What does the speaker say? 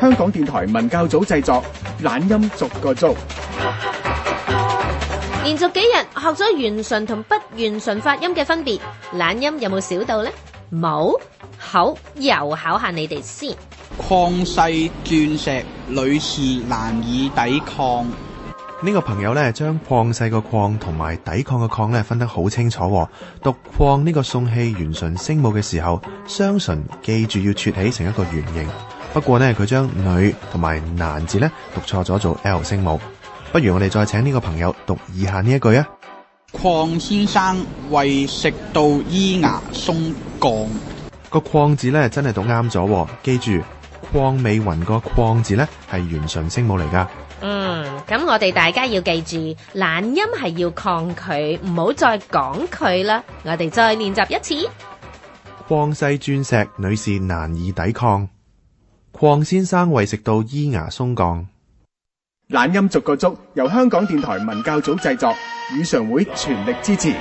香港電台文教組製作，懶音逐個捉。連續幾日學咗圓唇同不圓唇發音嘅分別，懶音有冇少到呢？冇，好，又考下你哋先。曠世鑽石，女士難以抵抗。呢個朋友呢，將曠世個礦同埋抵抗嘅礦呢分得好清楚。讀礦呢個送氣圓唇聲母嘅時候，雙唇記住要撮起成一個圓形。不過呢，佢將女同埋男字呢讀錯咗做 L 聲母。不如我哋再請呢個朋友讀以下呢一句啊。鄺先生為食到依牙鬆槓，個鄺字呢真係讀啱咗。記住，鄺美雲個鄺字呢係圓唇聲母嚟噶。嗯，咁我哋大家要記住，懶音係要抗拒，唔好再講佢啦。我哋再練習一次。鄺西鑽石，女士難以抵抗。鄺先生為食到依牙鬆降。懶音逐個捉，由香港電台文教組製作，語常會全力支持。